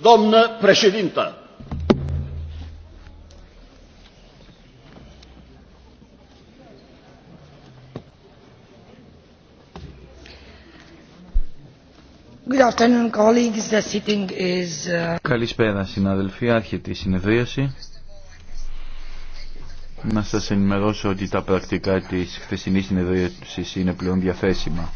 Doamnă președintă! Uh, Καλησπέρα, συναδελφοί. Άρχεται η συνεδρίαση. Να σας ενημερώσω ότι τα πρακτικά της χθεσινής συνεδρίασης είναι πλέον διαθέσιμα.